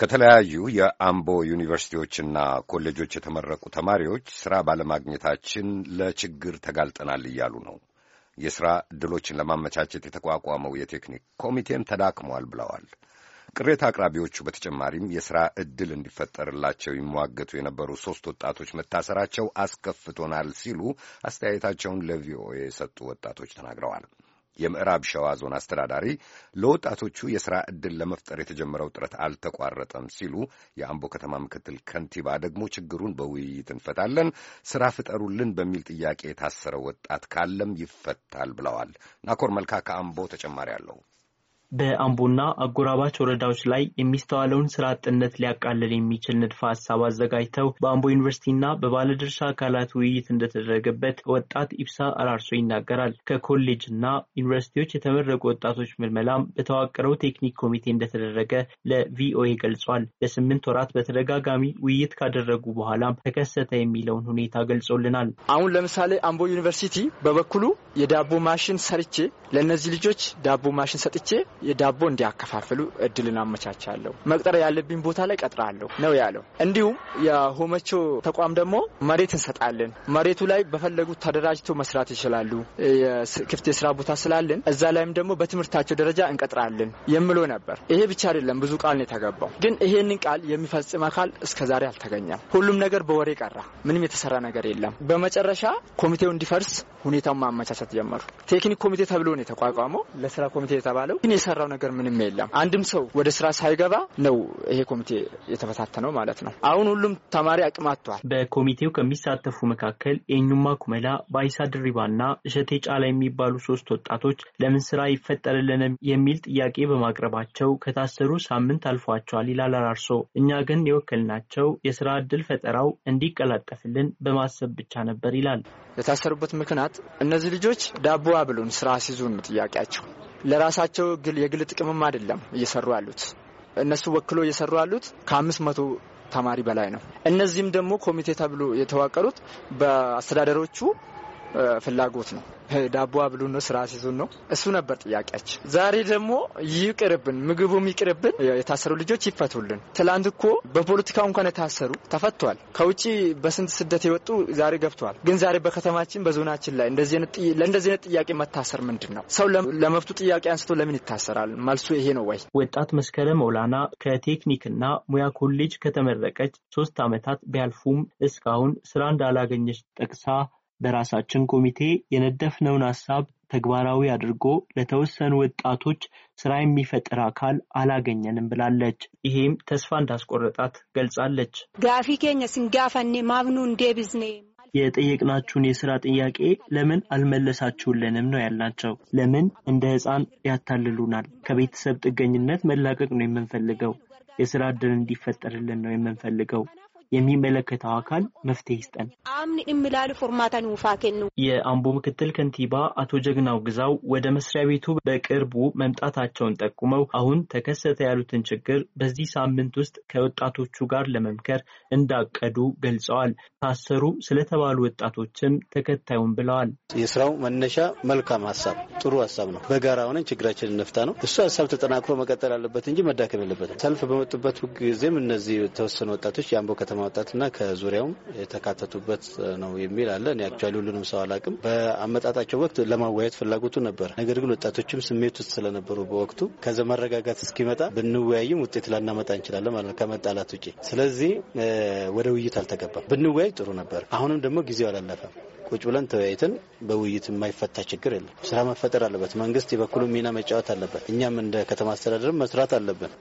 ከተለያዩ የአምቦ ዩኒቨርሲቲዎችና ኮሌጆች የተመረቁ ተማሪዎች ሥራ ባለማግኘታችን ለችግር ተጋልጠናል እያሉ ነው። የሥራ ዕድሎችን ለማመቻቸት የተቋቋመው የቴክኒክ ኮሚቴም ተዳክሟል ብለዋል። ቅሬታ አቅራቢዎቹ በተጨማሪም የሥራ ዕድል እንዲፈጠርላቸው ይሟገቱ የነበሩ ሦስት ወጣቶች መታሰራቸው አስከፍቶናል ሲሉ አስተያየታቸውን ለቪኦኤ የሰጡ ወጣቶች ተናግረዋል። የምዕራብ ሸዋ ዞን አስተዳዳሪ ለወጣቶቹ የሥራ ዕድል ለመፍጠር የተጀመረው ጥረት አልተቋረጠም ሲሉ፣ የአምቦ ከተማ ምክትል ከንቲባ ደግሞ ችግሩን በውይይት እንፈታለን፣ ሥራ ፍጠሩልን በሚል ጥያቄ የታሰረው ወጣት ካለም ይፈታል ብለዋል። ናኮር መልካ ከአምቦ ተጨማሪ አለው። በአምቦና አጎራባች ወረዳዎች ላይ የሚስተዋለውን ስራ አጥነት ሊያቃልል የሚችል ንድፈ ሀሳብ አዘጋጅተው በአምቦ ዩኒቨርሲቲና በባለድርሻ አካላት ውይይት እንደተደረገበት ወጣት ኢብሳ አራርሶ ይናገራል። ከኮሌጅና ዩኒቨርሲቲዎች የተመረቁ ወጣቶች ምልመላም በተዋቀረው ቴክኒክ ኮሚቴ እንደተደረገ ለቪኦኤ ገልጿል። ለስምንት ወራት በተደጋጋሚ ውይይት ካደረጉ በኋላም ተከሰተ የሚለውን ሁኔታ ገልጾልናል። አሁን ለምሳሌ አምቦ ዩኒቨርሲቲ በበኩሉ የዳቦ ማሽን ሰርቼ ለእነዚህ ልጆች ዳቦ ማሽን ሰጥቼ የዳቦ እንዲያከፋፍሉ እድልን አመቻቻለሁ። መቅጠር ያለብኝ ቦታ ላይ ቀጥራለሁ ነው ያለው። እንዲሁም የሆመቾ ተቋም ደግሞ መሬት እንሰጣለን። መሬቱ ላይ በፈለጉት ተደራጅቶ መስራት ይችላሉ። ክፍት የስራ ቦታ ስላለን እዛ ላይም ደግሞ በትምህርታቸው ደረጃ እንቀጥራለን የምሎ ነበር። ይሄ ብቻ አይደለም፣ ብዙ ቃል ነው የተገባው። ግን ይሄንን ቃል የሚፈጽም አካል እስከዛሬ አልተገኘም። ሁሉም ነገር በወሬ ቀራ። ምንም የተሰራ ነገር የለም። በመጨረሻ ኮሚቴው እንዲፈርስ ሁኔታውን ማመቻቸት ጀመሩ። ቴክኒክ ኮሚቴ ተብሎ ነው የተቋቋመው። ለስራ ኮሚቴ የተባለው ግን የሰራው ነገር ምንም የለም። አንድም ሰው ወደ ስራ ሳይገባ ነው ይሄ ኮሚቴ የተበታተነው ማለት ነው። አሁን ሁሉም ተማሪ አቅም አጥቷል። በኮሚቴው ከሚሳተፉ መካከል የኙማ ኩመላ፣ ባይሳ ድሪባ እና እሸቴ ጫላ የሚባሉ ሶስት ወጣቶች ለምን ስራ ይፈጠርልን የሚል ጥያቄ በማቅረባቸው ከታሰሩ ሳምንት አልፏቸዋል ይላል አራርሶ። እኛ ግን የወከልናቸው የስራ እድል ፈጠራው እንዲቀላጠፍልን በማሰብ ብቻ ነበር ይላል። የታሰሩበት ምክንያት ሰዓት እነዚህ ልጆች ዳቦ አብሉን ስራ ሲዙን ነው ጥያቄያቸው። ለራሳቸው የግል ጥቅምም አይደለም እየሰሩ ያሉት እነሱ ወክሎ እየሰሩ ያሉት ከአምስት መቶ ተማሪ በላይ ነው። እነዚህም ደግሞ ኮሚቴ ተብሎ የተዋቀሩት በአስተዳደሮቹ ፍላጎት ነው። ዳቦ አብሉ ነው፣ ስራ ሲዙን ነው። እሱ ነበር ጥያቄያችን። ዛሬ ደግሞ ይቅርብን፣ ምግቡም ይቅርብን፣ የታሰሩ ልጆች ይፈቱልን። ትላንት እኮ በፖለቲካ እንኳን የታሰሩ ተፈቷል። ከውጭ በስንት ስደት የወጡ ዛሬ ገብተዋል። ግን ዛሬ በከተማችን በዞናችን ላይ ለእንደዚህ አይነት ጥያቄ መታሰር ምንድን ነው? ሰው ለመብቱ ጥያቄ አንስቶ ለምን ይታሰራል? መልሱ ይሄ ነው ወይ? ወጣት መስከረም መውላና ከቴክኒክና ሙያ ኮሌጅ ከተመረቀች ሶስት ዓመታት ቢያልፉም እስካሁን ስራ እንዳላገኘች ጠቅሳ በራሳችን ኮሚቴ የነደፍነውን ሀሳብ ተግባራዊ አድርጎ ለተወሰኑ ወጣቶች ስራ የሚፈጥር አካል አላገኘንም ብላለች። ይሄም ተስፋ እንዳስቆረጣት ገልጻለች። ጋፊ ኬኛ ስንጋፈኔ ማብኑ እንዴ ብዝኔ የጠየቅናችሁን የስራ ጥያቄ ለምን አልመለሳችሁልንም ነው ያላቸው። ለምን እንደ ህፃን ያታልሉናል? ከቤተሰብ ጥገኝነት መላቀቅ ነው የምንፈልገው። የስራ እድል እንዲፈጠርልን ነው የምንፈልገው። የሚመለከተው አካል መፍትሄ ይስጠን። አምን እምላል ውፋኬን ነው። የአምቦ ምክትል ከንቲባ አቶ ጀግናው ግዛው ወደ መስሪያ ቤቱ በቅርቡ መምጣታቸውን ጠቁመው አሁን ተከሰተ ያሉትን ችግር በዚህ ሳምንት ውስጥ ከወጣቶቹ ጋር ለመምከር እንዳቀዱ ገልጸዋል። ታሰሩ ስለተባሉ ወጣቶችም ተከታዩን ብለዋል። የስራው መነሻ መልካም ሀሳብ፣ ጥሩ ሀሳብ ነው። በጋራ ሆነን ችግራችን እንፍታ ነው። እሱ ሀሳብ ተጠናክሮ መቀጠል አለበት እንጂ መዳከም የለበትም። ሰልፍ በመጡበት ጊዜም እነዚህ የተወሰኑ ወጣቶች የአምቦ ከተማ ማውጣትና ከዙሪያውም የተካተቱበት ነው የሚል አለ። እኔ አክቹዋሊ ሁሉንም ሰው አላቅም። በአመጣጣቸው ወቅት ለማወያየት ፍላጎቱ ነበር ነገር ግን ወጣቶችም ስሜት ውስጥ ስለነበሩ በወቅቱ ከዛ መረጋጋት እስኪመጣ ብንወያይም ውጤት ላናመጣ እንችላለን ማለት ነው ከመጣላት ውጭ። ስለዚህ ወደ ውይይት አልተገባም። ብንወያይ ጥሩ ነበር። አሁንም ደግሞ ጊዜው አላለፈም። ቁጭ ብለን ተወያይተን በውይይት የማይፈታ ችግር የለም። ስራ መፈጠር አለበት። መንግስት የበኩሉ ሚና መጫወት አለበት። እኛም እንደ ከተማ አስተዳደር መስራት አለብን።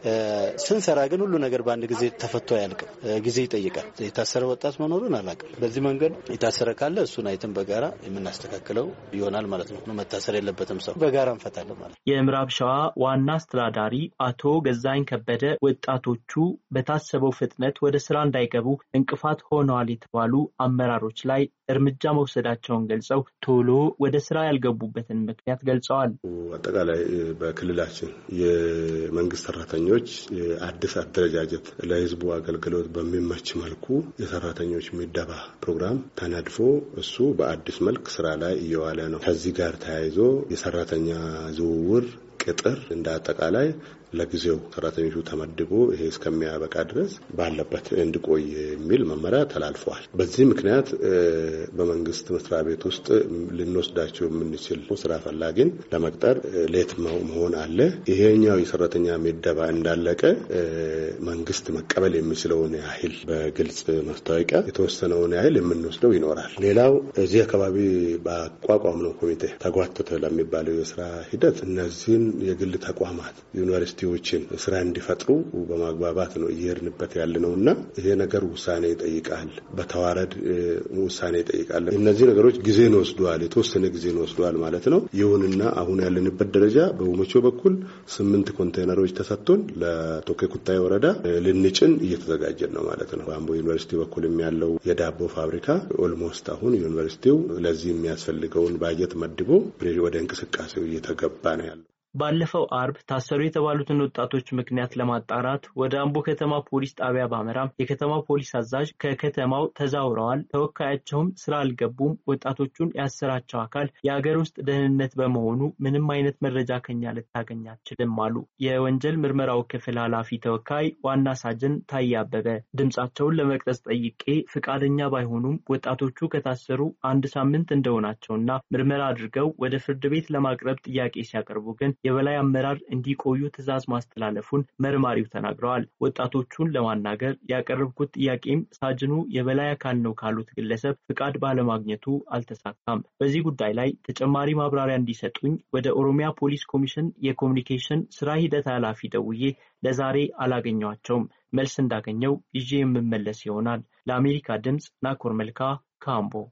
ስንሰራ ግን ሁሉ ነገር በአንድ ጊዜ ተፈቶ አያልቅም። ጊዜ ይጠይቃል። የታሰረ ወጣት መኖሩን አላውቅም። በዚህ መንገድ የታሰረ ካለ እሱን አይተን በጋራ የምናስተካክለው ይሆናል ማለት ነው። መታሰር የለበትም ሰው በጋራ እንፈታለን ማለት ነው። የምዕራብ ሸዋ ዋና አስተዳዳሪ አቶ ገዛኝ ከበደ ወጣቶቹ በታሰበው ፍጥነት ወደ ስራ እንዳይገቡ እንቅፋት ሆነዋል የተባሉ አመራሮች ላይ እርምጃ መውሰዳቸውን ገልጸው ቶሎ ወደ ስራ ያልገቡበትን ምክንያት ገልጸዋል። አጠቃላይ በክልላችን የመንግስት ሰራተኞች አዲስ አደረጃጀት ለህዝቡ አገልግሎት በሚመች መልኩ የሰራተኞች ምደባ ፕሮግራም ተነድፎ እሱ በአዲስ መልክ ስራ ላይ እየዋለ ነው። ከዚህ ጋር ተያይዞ የሰራተኛ ዝውውር ቅጥር እንደ አጠቃላይ ለጊዜው ሰራተኞቹ ተመድቦ ይሄ እስከሚያበቃ ድረስ ባለበት እንዲቆይ የሚል መመሪያ ተላልፈዋል። በዚህ ምክንያት በመንግስት መስሪያ ቤት ውስጥ ልንወስዳቸው የምንችል ስራ ፈላጊን ለመቅጠር ሌት መሆን አለ። ይሄኛው የሰራተኛ ምደባ እንዳለቀ መንግስት መቀበል የሚችለውን ያህል በግልጽ ማስታወቂያ የተወሰነውን ያህል የምንወስደው ይኖራል። ሌላው እዚህ አካባቢ በአቋቋም ነው ኮሚቴ ተጓተተ ለሚባለው የስራ ሂደት እነዚህን የግል ተቋማት ዩኒቨርሲቲ መፍትሄዎችን ስራ እንዲፈጥሩ በማግባባት ነው እየሄድንበት ያለ ነው እና ይሄ ነገር ውሳኔ ይጠይቃል። በተዋረድ ውሳኔ ይጠይቃል። እነዚህ ነገሮች ጊዜን ወስደዋል፣ የተወሰነ ጊዜን ወስደዋል ማለት ነው። ይሁንና አሁን ያለንበት ደረጃ በውመቾ በኩል ስምንት ኮንቴነሮች ተሰጥቶን ለቶኬ ኩታይ ወረዳ ልንጭን እየተዘጋጀን ነው ማለት ነው። በአምቦ ዩኒቨርሲቲ በኩልም ያለው የዳቦ ፋብሪካ ኦልሞስት አሁን ዩኒቨርሲቲው ለዚህ የሚያስፈልገውን ባጀት መድቦ ወደ እንቅስቃሴው እየተገባ ነው ያለው። ባለፈው አርብ ታሰሩ የተባሉትን ወጣቶች ምክንያት ለማጣራት ወደ አምቦ ከተማ ፖሊስ ጣቢያ ባመራም የከተማው ፖሊስ አዛዥ ከከተማው ተዛውረዋል፣ ተወካያቸውም ስራ አልገቡም፣ ወጣቶቹን ያሰራቸው አካል የአገር ውስጥ ደህንነት በመሆኑ ምንም አይነት መረጃ ከኛ ልታገኝ አትችልም አሉ። የወንጀል ምርመራው ክፍል ኃላፊ ተወካይ ዋና ሳጅን ታዬ አበበ ድምጻቸውን ለመቅረጽ ጠይቄ ፍቃደኛ ባይሆኑም ወጣቶቹ ከታሰሩ አንድ ሳምንት እንደሆናቸውና ምርመራ አድርገው ወደ ፍርድ ቤት ለማቅረብ ጥያቄ ሲያቀርቡ ግን የበላይ አመራር እንዲቆዩ ትዕዛዝ ማስተላለፉን መርማሪው ተናግረዋል። ወጣቶቹን ለማናገር ያቀረብኩት ጥያቄም ሳጅኑ የበላይ አካል ነው ካሉት ግለሰብ ፍቃድ ባለማግኘቱ አልተሳካም። በዚህ ጉዳይ ላይ ተጨማሪ ማብራሪያ እንዲሰጡኝ ወደ ኦሮሚያ ፖሊስ ኮሚሽን የኮሚኒኬሽን ስራ ሂደት ኃላፊ ደውዬ ለዛሬ አላገኘዋቸውም። መልስ እንዳገኘው ይዤ የምመለስ ይሆናል። ለአሜሪካ ድምፅ ናኮር መልካ ካምቦ